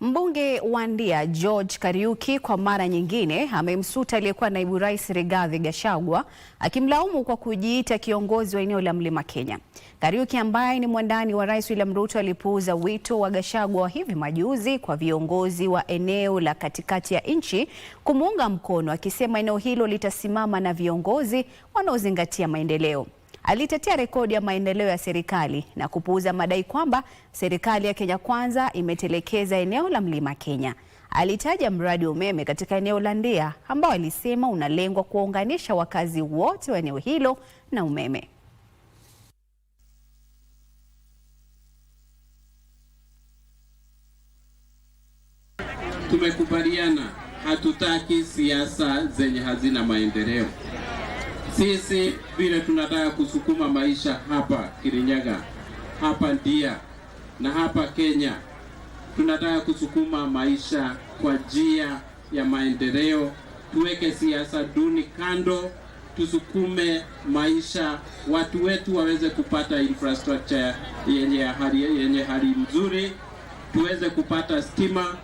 Mbunge wa Ndia George Kariuki kwa mara nyingine amemsuta aliyekuwa naibu rais Rigathi Gachagua akimlaumu kwa kujiita kiongozi wa eneo la Mlima Kenya. Kariuki ambaye ni mwandani wa Rais William Ruto alipuuza wito wa Gachagua wa hivi majuzi kwa viongozi wa eneo la katikati ya nchi kumuunga mkono akisema eneo hilo litasimama na viongozi wanaozingatia maendeleo alitetea rekodi ya maendeleo ya serikali na kupuuza madai kwamba serikali ya Kenya Kwanza imetelekeza eneo la Mlima Kenya. Alitaja mradi wa umeme katika eneo la Ndia ambao alisema unalengwa kuwaunganisha wakazi wote wa eneo hilo na umeme. Tumekubaliana hatutaki siasa zenye hazina maendeleo. Sisi vile tunataka kusukuma maisha hapa Kirinyaga, hapa Ndia na hapa Kenya, tunataka kusukuma maisha kwa njia ya maendeleo. Tuweke siasa duni kando, tusukume maisha, watu wetu waweze kupata infrastructure yenye hali, yenye hali nzuri, tuweze kupata stima